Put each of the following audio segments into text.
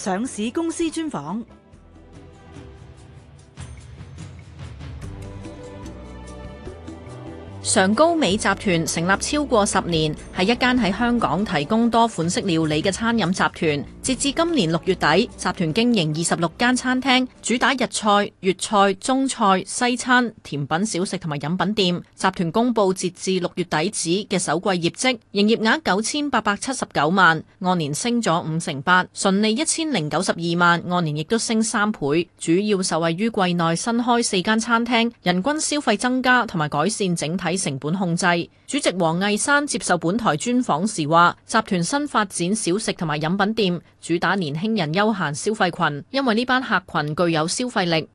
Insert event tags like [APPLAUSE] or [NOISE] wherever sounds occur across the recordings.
上市公司專訪。嚐高美集團成立超過十年，係一間喺香港提供多款式料理嘅餐飲集團。截至今年六月底，集團經營二十六間餐廳，主打日菜、越菜、中菜、西餐、甜品、小食同埋飲品店。集團公布截至六月底止嘅首季業績，營業額九千八百七十九萬，按年升咗五成八，純利一千零九十二萬，按年亦都升三倍，主要受惠於季內新開四間餐廳，人均消費增加同埋改善整體成本控制。主席黃毅山接受本台專訪時話：集團新發展小食同埋飲品店，主打年輕人休閒消費群，因為呢班客群具有消費力。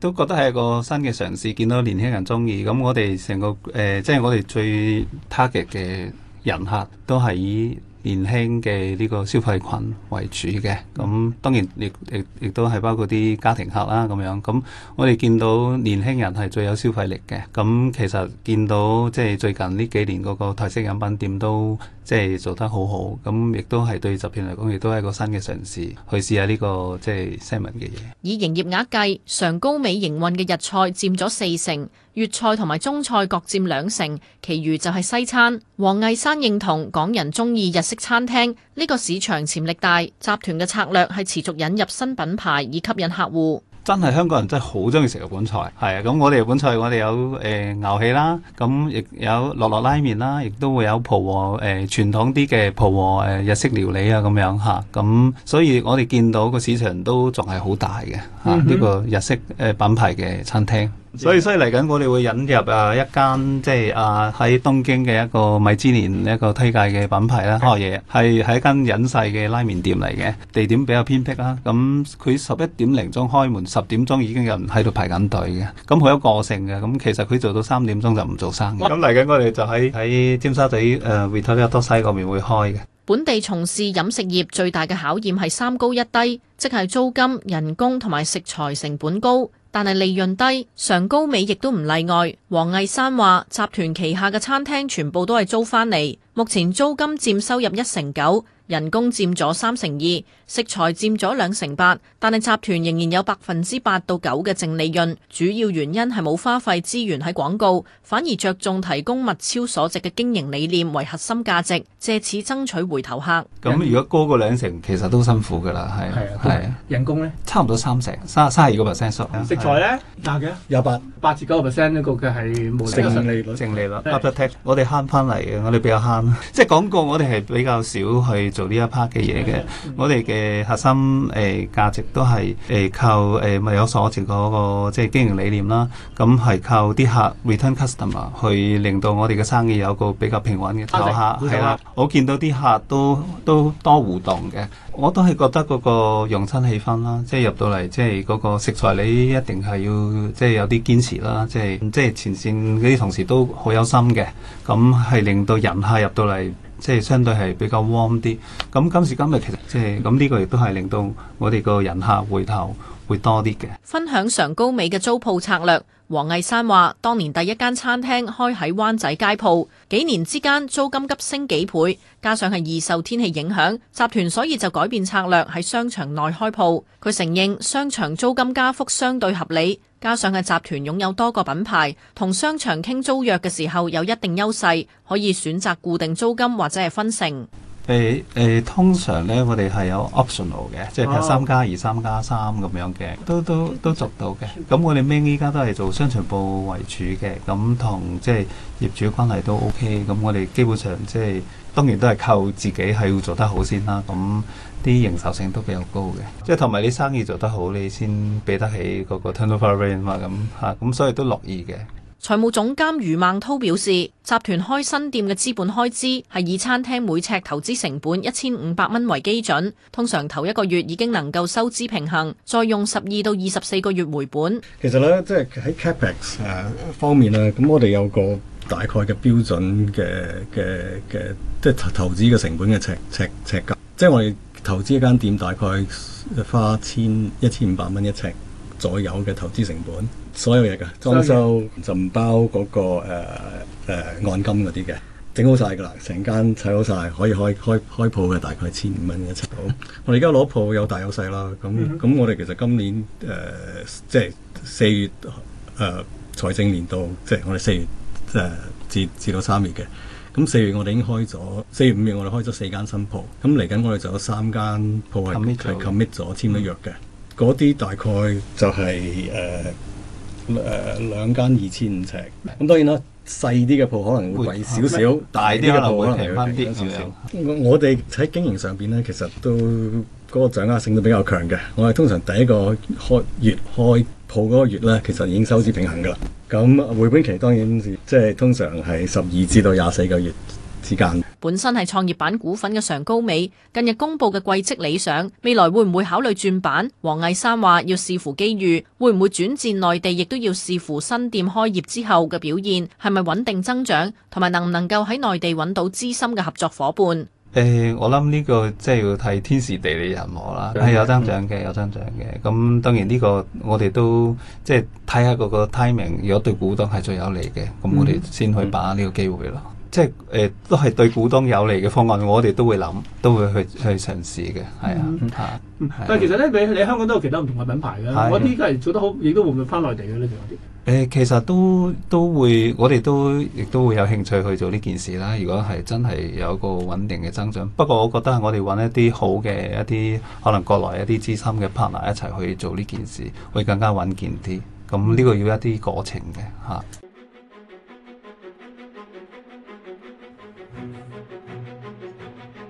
都覺得係一個新嘅嘗試，見到年輕人中意。咁我哋成個誒，即係，呃，就是，我哋最 target 嘅人客，都係以。年輕嘅呢個消費群為主嘅，咁當然亦亦亦都係包括啲家庭客啦、啊、咁樣。咁我哋見到年輕人係最有消費力嘅，咁其實見到即係最近呢幾年嗰個台式飲品店都，即係做得好好，咁亦都係對集團嚟講，亦都係個新嘅嘗試，去試下呢個即係西文嘅嘢。以營業額計，嚐高美營運嘅日菜佔咗四成，粵菜同埋中菜各佔兩成，其餘就係西餐。黃毅山認同港人鍾意日式餐廳，呢、這個市場潛力大。集團嘅策略係持續引入新品牌，以吸引客戶。真係香港人真係好中意食日本菜，係啊！咁我哋日本菜我，我哋有誒牛氣啦，咁亦有樂樂拉麵啦，亦都會有浦和誒傳統啲嘅浦和誒日式料理啊咁樣嚇。咁、啊啊、所以我哋見到個市場都仲係好大嘅嚇，呢、啊呢個日式誒品牌嘅餐廳。Mm hmm. 嗯所以所以嚟緊我哋會引入啊一間即係啊喺東京嘅一個米芝蓮一個推介嘅品牌啦，啊，開嘢係喺一間隱世嘅拉麵店嚟嘅，地點比較偏僻啦，啊。咁佢十一點零鐘開門，十點鐘已經有人喺度排緊隊嘅。咁、嗯、好有個性嘅。咁、嗯、其實佢做到三點鐘就唔做生意。咁嚟緊我哋就喺喺尖沙咀誒 Victoria Dockside 嗰邊會開嘅。本地從事飲食業最大嘅考驗係三高一低，即係租金、人工同埋食材成本高，但係利潤低。嚐高美亦都唔例外。黃毅山話：集團旗下嘅餐廳全部都係租翻嚟，目前租金佔收入一成九。人工佔咗三成二，食材佔咗兩成八，但係集團仍然有百分之八到九嘅淨利潤。主要原因係冇花費資源喺廣告，反而着重提供物超所值嘅經營理念為核心價值，借此爭取回頭客。咁如果高過兩成，其實都辛苦噶啦，係係啊，人工咧差唔多三成三三十二個 percent 咯。食材咧廿幾有八八至九個 percent 呢個嘅係冇淨利淨利咯，absent、啊。我哋慳翻嚟嘅，我哋比較慳。即係廣告，我哋係比較少去。做呢一 part 嘅嘢嘅， [MUSIC] 我哋嘅核心誒、呃、價值都係誒、呃、靠誒物、呃、有所值嗰、那個即係、就是、經營理念啦。咁係靠啲客 return customer 去令到我哋嘅生意有個比較平穩嘅頭客。係啦， [MUSIC] 我見到啲客都 [MUSIC] 都，都多互動嘅。我都係覺得嗰個用餐氣氛啦，即、就、係、是、入到嚟，即係嗰個食材你一定係要即係、就是、有啲堅持啦。即係即係前線嗰啲同事都好有心嘅，咁係令到人客人入到嚟。即係相對係比較 warm 啲。咁今時今日其實即係咁呢個，亦都係令到我哋個人客回頭會多啲嘅。分享嚐高美嘅租鋪策略，黃毅山話，當年第一間餐廳開喺灣仔街鋪，幾年之間租金急升幾倍，加上係易受天氣影響，集團所以就改變策略喺商場內開鋪。佢承認商場租金加幅相對合理。加上嘅集團擁有多個品牌，同商場傾租約嘅時候有一定優勢，可以選擇固定租金或者係分成。誒誒、欸欸，通常咧我哋係有 optional 嘅，即係譬如三加二三加三咁樣嘅，都都都做到嘅。咁我哋明依家都係做商場部為主嘅，咁同即係業主關係都 OK。咁我哋基本上即係。就是當然都係靠自己係要做得好先啦，咁啲營售性都比較高嘅，即係同埋你生意做得好，你先俾得起嗰個 turnover rent 嘛咁吓，咁、啊、所以都樂意嘅。財務總監余孟濤表示，集團開新店嘅資本開支係以餐廳每尺投資成本一千五百蚊為基準，通常頭一個月已經能夠收支平衡，再用十二到二十四個月回本。其實呢，即係喺 capex 誒方面呢，咁我哋有個大概嘅標準嘅嘅嘅，即係投投資嘅成本嘅尺尺尺價，即係我哋投資一間店大概花千一千五百蚊一尺。所有嘅投資成本，所有嘢噶裝修就唔包嗰、嗰個誒按、呃呃、金嗰啲嘅，整好晒㗎啦，成間砌好晒，可以開開開鋪嘅，大概千五蚊一尺到。 [LAUGHS] 我哋而家攞鋪有大有細啦，咁咁、嗯、哼我哋其實今年誒即係四月誒、呃、財政年度，即、就、係、是、我哋四月誒、呃、至至到三月嘅。咁四月我哋已經開咗，四月五月我哋開咗四間新鋪，咁嚟緊我哋就有三間鋪係係 commit 咗簽咗約嘅。加嗰啲大概就係誒誒兩間二千五尺。咁當然啦，細啲嘅鋪可能會貴少少，啊、大啲嘅鋪會平翻啲少少。我哋喺經營上邊咧，其實都嗰、嗰個掌握性都比較強嘅。我係通常第一個月開月開鋪嗰個月咧，其實已經收支平衡噶啦。咁回本期當然、就是即係通常係十二至到廿四個月。之間本身係創業板股份嘅嚐高美，近日公布嘅季績理想，未來會唔會考慮轉板？黃毅山話要視乎機遇，會唔會轉戰內地？亦都要視乎新店開業之後嘅表現係咪穩定增長，同埋能唔能夠喺內地揾到資深嘅合作伙伴。誒、呃，我諗呢個即係要睇天時地利人和啦。係有增長嘅，有增長嘅。咁當然呢個我哋都即係睇下嗰個 timing，如果對股東係最有利嘅，咁我哋先去把握呢個機會咯。即係誒、呃，都係對股東有利嘅方案，我哋都會諗，都會去去嘗試嘅，係啊。嗯嗯、的但係其實咧，你你香港都有其他唔同嘅品牌嘅，我啲都係做得好，亦都會唔會返內地嘅咧？仲有啲誒，其實都都會，我哋都亦都會有興趣去做呢件事啦。如果係真係有一個穩定嘅增長，不過我覺得係我哋搵一啲好嘅一啲，可能國內一啲資深嘅 partner 一齊去做呢件事，會更加穩健啲。咁呢個要一啲過程嘅嚇。啊。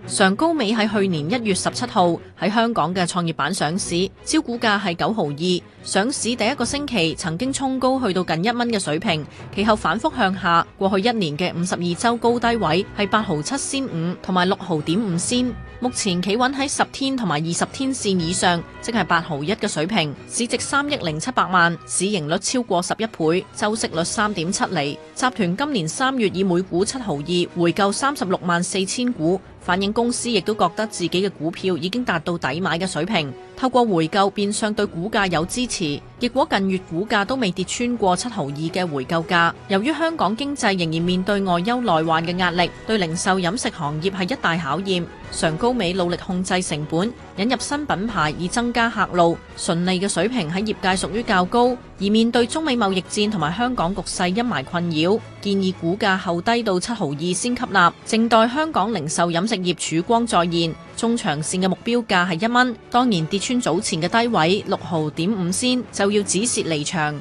常高美喺去年一月十七號喺香港嘅創業板上市，招股價係九毫二。上市第一個星期曾經衝高去到近一蚊嘅水平，其後反復向下。過去一年嘅五十二周高低位係八毫七先五同埋六毫點五先。目前企穩喺十天同埋二十天線以上，即係八毫一嘅水平。市值三億零七百萬，市盈率超過十一倍，周息率三點七厘。集團今年三月以每股七毫二回購三十六萬四千股。反映公司亦都覺得自己嘅股票已經達到抵買嘅水平，透過回購變相對股價有支持。結果近月股價都未跌穿過七毫二嘅回購價。由於香港經濟仍然面對外憂內患嘅壓力，對零售飲食行業係一大考驗。常高美努力控制成本，引入新品牌以增加客路，純利嘅水平喺業界屬於較高。而面對中美貿易戰同埋香港局勢陰霾困擾，建議股價後低到七毫二先吸納，靜待香港零售飲食業曙光再現。中長線嘅目標價係一蚊，當然跌穿早前嘅低位六毫點五先就要止蝕離場。